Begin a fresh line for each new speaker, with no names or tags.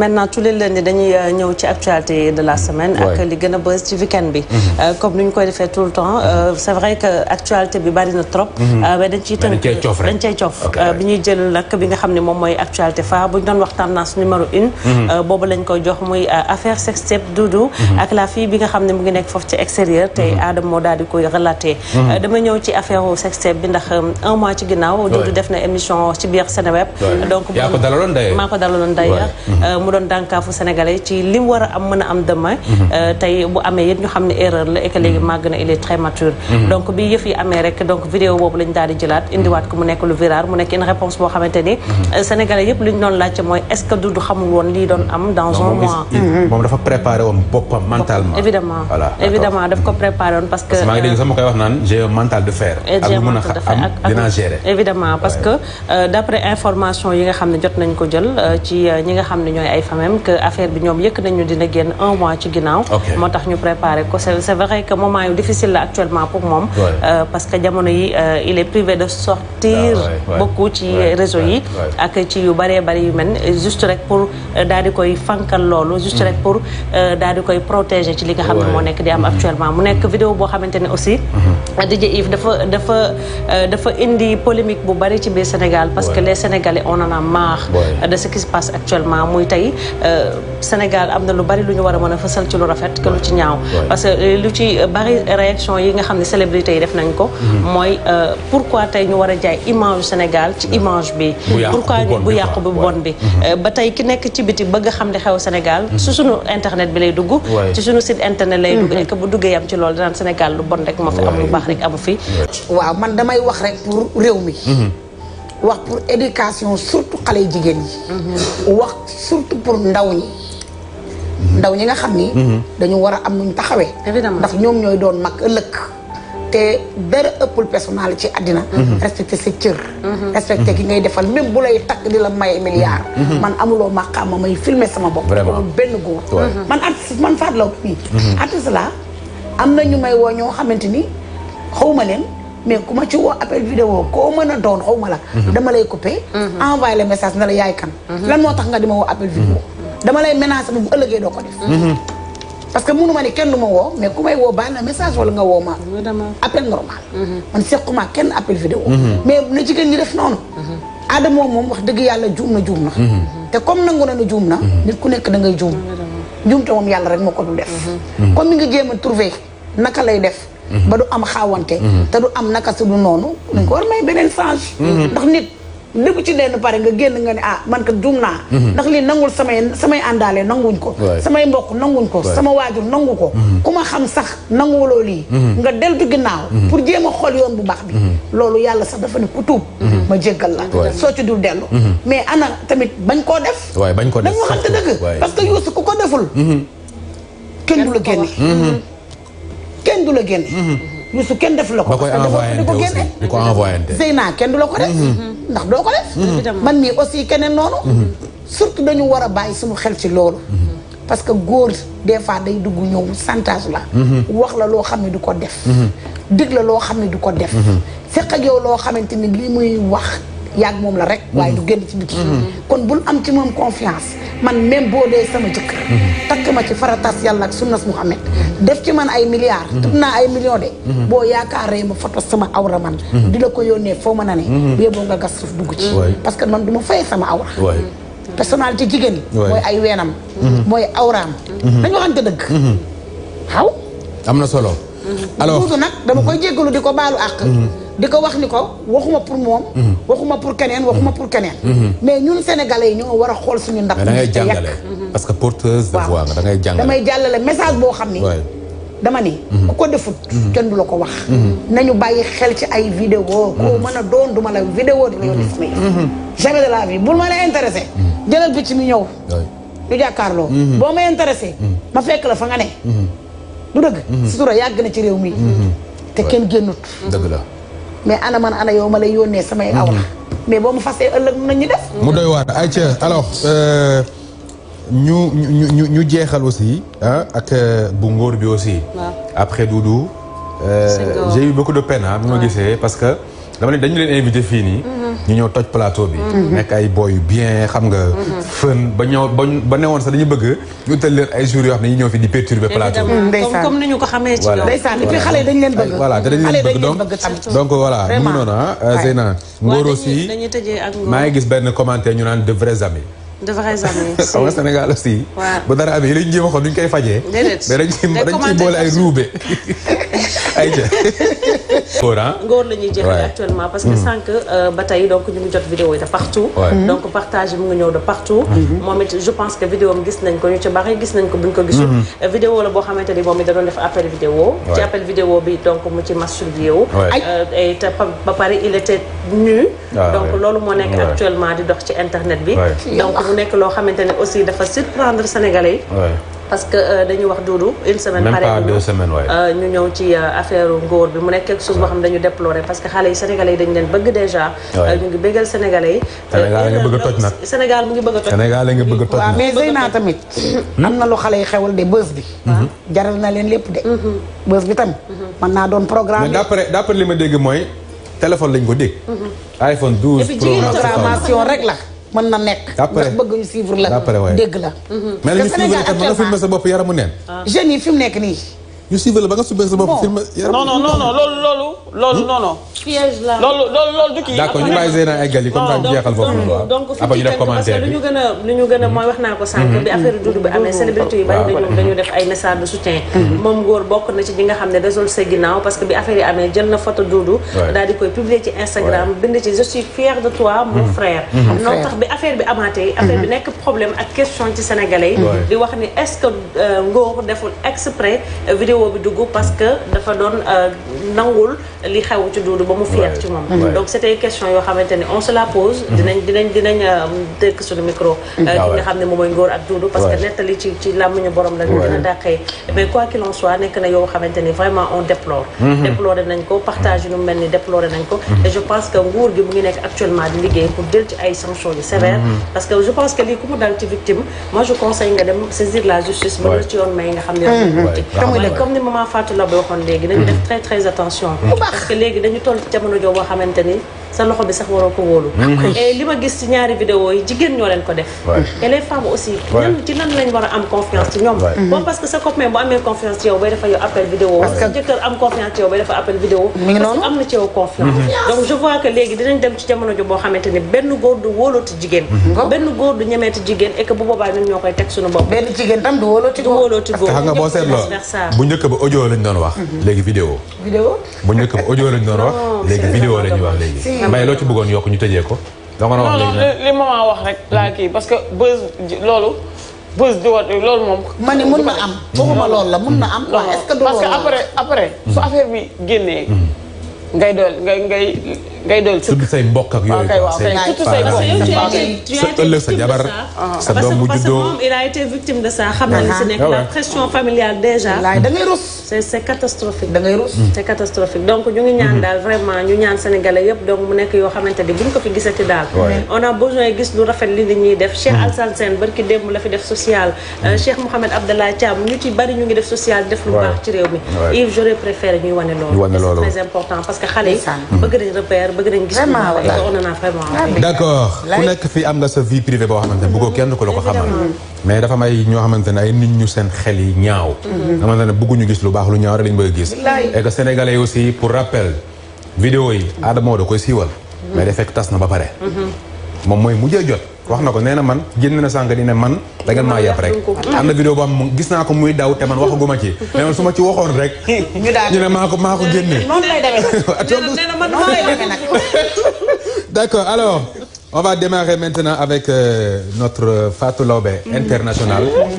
maintenant tous les lundis dañuy euh, ñëw ci actualité de la semaine. ak li gën a bës ci weekend bi. Mhm. Euh, comme ni ñu koy defee tout le temps euh, mhm. c' est que actualité bi bari na trop. Mhm. mais dañ ciy tënk dañ cay coof bi ñuy jël nag bi nga xam ne moom mooy actualité phare bu ñu doon wax tendance numéro une. boobu lañ koy jox muy affaire du du ak la fille bi nga xam ne mu ngi nekk foofu ci extérieur tey Adama moo daal di koy relaté. dama ñëw ci affaire sextape bi ndax un mois ci ginnaaw. def na émission ci biir Seneweb. donc maa ko dalaloon d' ailleurs Euh, mu doon dànkaafu sénégalais ci li war a am mën a am demain. Mhm. Euh, tey bu amee yëpp ñu xam ne erreur la et léegi mhm. màgg na il est très mature. Mhm. donc bi yëf yi amee rek donc vidéo boobu lañ daal di jëlaat indiwaat ko mu nekk lu viral mu nekk une réponse boo xamante ni. Euh, sénégalais yëpp li ñu doon laajte mooy est ce que Doudou xamul doon am dans un mois.
dafa préparé woon
parce que. maa ngi dégg sax
koy wax naan j'ai un mental de fer. ak lu mën
a xam ne jot nañ ko xam ne ñooy ay famem que affaire bi ñoom yëkk nañu dina génn un mois ci ginnaaw moo tax ñu préparé ko c'est vrai que moment difficile la actuellement pour moom euh, parce que jamono yi euh, il est privé de sortir ah, beaucoup ci réseau yi ak ci yu bëree bëri yu mel juste rek pour euh, daal di koy fankal loolu juste mm. rek pour daal koy protéger ci li nga xam ne moo nekk di am mm-hmm. actuellement mu nekk vidéo boo xamante ne aussi mm-hmm. DJ Yves dafa dafa dafa indi polémique bu bëri ci bi Sénégal parce que les Sénégalais événement muy tey euh, Sénégal am na lu bari lu ñu war a mën a fësal ci lu rafet que lu ci ñaaw parce que euh, lu ci bari réaction yi nga xam ne célébrité yi def nañ ko mm-hmm. mooy euh, pourquoi tey ñu war a jaay image Sénégal ci image bi pourquoi ñu bu yàqu bu bon bi mm-hmm. ba tey ki nekk ci biti bëgg xam li xew Sénégal mm-hmm. su suñu internet bi lay dugg ci suñu site internet lay dugg et que bu duggee yam ci loolu danaan Sénégal lu bon rek moo fi am lu baax rek amu fi waaw man damay wax rek pour réew
wax pour éducation surtout xale yu jigéen yi mhm. wax surtout pour ndaw ñi ndaw ñi nga xam ni mhm. dañu war a am nuñ taxawee ndax ñoom ñooy doon mag ëllëg te dara ëppul personal ci àddina mhm. respecté sa cër respecté ki ngay defal même bu lay takk di la may milliard man amuloo maqaama may filmer sama bopp vraiment benn góor man artiste man Fatou Laobé mii artiste la am na ñu may woo ñoo xamante ni xawma leen mais ku ma ci woo appel vidéo koo mën a doon xaw ma la. Mhm. dama lay coupé. Mhm. envoyé le message na la yaay kan. Mhm. lan moo tax nga di ma woo appel vidéo. dama lay menacé bu ëllëgee doo ko def. parce que mënu ma ni kenn du ma woo mais ku may woo bàyyi na message wala nga woo ma. appel normal. man sequma kenn appel vidéo. mais na jigéen ñi def noonu. Adama moom wax dëgg yàlla juum na juum na. te comme nangu na ne juum na. nit ku nekk da ngay juum. juum te moom yàlla rek moo ko dul def. comme mi nga jéem a trouvé naka lay def. ba du am xaawante te du am naka su du noonu dañ ko war may beneen change ndax nit dëgg ci lenn pare nga génn nga ne ah man ka juum naa ndax lii nangul samay samay àndaale nanguñ ko samay mbokk nanguñ ko sama waajur nangu ko mhm. ku ma xam sax nanguwuloo lii mhm. nga del deltu ginnaaw mhm. pour jéem a xool yoon bu baax bi loolu yàlla sax dafa ne ku tuub ma jéggal la soo ci dul dellu mais ana tamit bañ koo def
bañ koo def dañ waxante dëgg parce
que Youssou ku ko deful kenn du la génne kenn du la génne. Mhm. Youssou kenn def la ko. parce que ko génne di ko envoyé Zeyna kenn du la ko def. Mhm. ndax doo ko def. Mhm. man mii aussi keneen noonu. surtout dañu war a bàyyi suñu xel ci loolu. parce que góor des fois day dugg ñëw santage la. wax la loo xam ne du ko def. dig la loo xam ne du ko def. fekk yow loo xamante ni li muy wax. yàgg moom la rek. waaye du génn ci biti. Mhm. Mhm. kon bul am ci moom confiance man même boo dee sama jëkkër. Mhm. takk ma ci faratas yàlla ak sunnas Muhammad def ci man ay milliards. tub naa ay millions de. boo yaakaaree ma foto sama awra man. di la ko yónnee foo mën na ne. boo nga gas suuf dugg ci. parce que man du ma fay sama awra. personnalité jigéen ñi. mooy ay weenam. mooy awraam. dañu waxante dëgg. xaw. am na solo. alors nag dama koy jéggalu di ko baalu àq. di ko wax ni ko waxuma pour moom. Mhm. waxuma pour keneen waxuma mhm. pour keneen. Mhm. mais ñun sénégalais yi ñoo war a xool suñu ndax. da ngay jàngale
parce que porteuse de da ngay jàngale
damay jàllale message boo xam ni. dama ni. ku ko defut. kenn du la ko wax. nañu bàyyi xel ci ay vidéo koo mën a doon duma la vidéo di la def mais. jamais de la vie bul ma la intéressé. jëlal ci mi ñëw. ñu jàkkaarloo. boo ma intéressé. ma fekk la fa nga ne. lu dëgg. sutura yàgg na ci réew mi. te kenn génnut. dëgg la. mais ana man ana yow ma lay yónnee samay mhm. awra mais boo mu fasee ëllëg na def. mu doy
waar ayca alors euh, ñu ñu ñu ñu jeexal aussi ah, ak euh, bu ngóor bi aussi. après du du euh, j'ai eu beaucoup de peine ah bi ma gisee parce que dama dañu leen invité fii nii. Mm. ñu ñëw toj plateau bi. Mhm. nekk ay boy yu bien xam nga. Mhm. fën ba ñëw ba ba newoon sax dañu bëgg ñu utal leen ay jours yoo xam ne ñu ñëw fi di perturber plateau bi. ndeysaan comme
ni ñu ko xamee ci loolu. ndeysaan et puis xale bëgg. voilà te dañ donc voilà mu ngi noonu ah. Zeyna Ngor aussi maa ngi
gis benn commentaire ñu naan de vrais amis.
de vrais ah. amis xam nga
Sénégal aussi. bu dara amee li ñu jéem a xool duñ koy fajee. déedéet mais dañ ciy dañ ciy boole ay ruube.
ayca. góor ah góor la ñuy jeexal actuellement parce que hmm. sànq euh, ba tey donc ñu ngi jot vidéo yi de partout. Hmm. donc partage mu ngi ñëw de partout. Hmm. moom it je pense que vidéo am gis nañ ko ñu ci bari gis nañ ko buñ ko gisul. Euh, vidéo la boo xamante ni moom it da doon def appel vidéo. ci appel vidéo bi donc mu ci masturbé wu. ay te ba pare il était nu.
Ah, donc loolu moo nekk actuellement
di dox ci internet bi. donc. mu nekk loo xamante ne aussi dafa surprendre sénégalais yi. parce que euh, dañuy wax duudu une semaine. même pas deux
semaines waaye euh,
ñu ñëw ci euh, affaire ngóor bi mu nekk quelque chose boo xam ne dañu déplorer parce que xale yi sénégalais yi dañu leen bëgg déjà. ñu ngi bëggal sénégalais yi. Sénégal
nga bëgg a toj nag
Sénégal mu ngi bëgg a toj. a toj waaw mais
Zeyna mm-hmm. na lu xale yi xewal de bës bi. Mm-hmm. jaral na leen lépp de. Mm-hmm. bës bi tam. mën naa doon programme mais
d'après d'après li ma dégg mooy téléphone lañ ko dégg. iPhone 12 programmation
rek la mën na nekk. ndax bëgg ñu suivre la dégg la. parce que Sénégal actuellement mel ni fi mu nekk
sa bopp yaramu neen. jeunes yi fi mu nekk nii. ñu suivre la ba nga suivre sa bopp. film non non non non loolu loolu. loolu non non.
piège la loolu loolu loolu du kii. d'accord ñu bàyyi Zeyna
ay gal yi comme ça ñu jeexal foofu. donc fi ñu tënk parce que lu
ñu gën a lu ñu gën a mhm. mooy wax naa ko sànq. bi mhm. affaire Doudou bi amee célébrité yu bari ah, dañu dañu def ay message de soutien. moom góor bokk na ci ñi nga xam ne réseau sa ginnaaw parce que bi affaire yi amee jël na photo Doudou. daal di koy publier ci Instagram bind ci je suis fier de toi mon mhm. frère. noonu tax bi affaire bi amaatee. affaire bi nekk problème ak question ci sénégalais yi. di wax ni est-ce que euh, ngóor deful exprès euh, vidéo vidéo bi dugg parce que dafa doon euh, nangul li xew ci Doudou ba mu fier ci moom donc c'était question yoo xamante ne on se la pose mhm. dinañ dinañ dinañ dëkk euh, suñu micro mhm. euh, ki ah nga xam ne moom mooy Ngor ak Doudou parce que nettali ci ci làmmiñu borom la ñu gën a dàqee mais quoi qu'il en soit nekk na yoo xamante ni vraiment on déplore mhm. déploré nañ ko partage yu nu mel ni déploré nañ ko et je pense que nguur gi mu ngi nekk actuellement di liggéey pour jël ci ay sanctions yu sévères parce que je pense que lii ku mu dal ci victime moi je conseille nga dem saisir la justice ba la ci yoon may nga xam ne yoon politique mais comme ni maman Fatou la bi waxoon léegi nañu def très très attention parce que léegi dañu toll ci jamono joo boo xamante ni sa loxo bi sax waroo ko wóolu. Mm-hmm. li ma gis ci ñaari vidéo yi jigéen ñoo leen ko def. et les femmes aussi. ñan ci nan lañ war a am confiance ci ñoom. Mm-hmm. bon parce que sa copain bu amee confiance ci yow bay dafa yow appel jëkkër am confiance ci yow bay dafa appel vidéo. mi ngi noonu am na ci yow confiance. Mm-hmm. donc je vois léegi dinañ dem ci jamono jo boo xamante ni benn góor benn góor du ñemeeti jigéen et que bu boobaa ñun ñoo koy teg suñu bopp. benn jigéen tam du wóolooti góor du wóolooti
bu njëkk lañ doon wax. léegi vidéo. bu njëkk ba audio lañ doon wax léegi vidéo mbay loo ci bëggoon yokk ñu tëjee ko. da nga wax léegi
wax rek laa kii parce que buzz loolu. buzz di wat loolu moom. ma ni mun na am. waxuma loolu la mun na am. waaw que parce que après après. su mm. affaire bi génnee. Mm. ngay dool ngay ngay. ngay doyal surtout
say mbokk ak yooyu. Ah, waaw kay surtout say ah, mbokk. ëllëg sa jabar sa doom bu juddoo parce
que il a été victime de ça xam na li si nekk ah, la pression familiale déjà. da ngay rus. c'est c'est catastrophique. da ngay rus c'est catastrophique donc ñu ngi ñaan mm-hmm. daal vraiment ñu ñaan sénégalais yëpp donc mu nekk yoo xamante ni buñ ko fi gisati daal. on a besoin gis lu rafet li nit ñuy def. Cheikh mm-hmm. Alassane Sène barki démb la fi def social. Euh, mm-hmm. Cheikh Mouhamed Abdallah Thiam ñu ci bari ñu ngi def social def lu baax ci réew mi. Yves j'aurais préféré ñuy wane loolu. c'est très important parce que xale yi bëgg nañ repère affaire bëgg nañ gis. Ah, ku nekk
fii am nga sa vie privée boo xamante ne bëggoo kenn ku la ko xamal. mais dafa may ñoo xamante ne ay nit ñu seen xel yi ñaaw. Mhm. xamante ne bëgguñu gis lu baax lu ñaaw rek lañ gis. et que sénégalais aussi pour rappel. vidéo yi Adama da koy siiwal. Mhm. mais dafay tas na ba pare. Mhm. moom mooy mujjee jot. wax na ko nee na man génn na sànq di ne man da maa yàpp rek am na vidéo boo xam gis naa ko muy daw te man waxaguma ci mais man su ma ci waxoon rek ñu ne maa ko maa ko génne
noonu lay demee
d'accord alors on maintenant avec euh, notre euh, Fatou Laobé international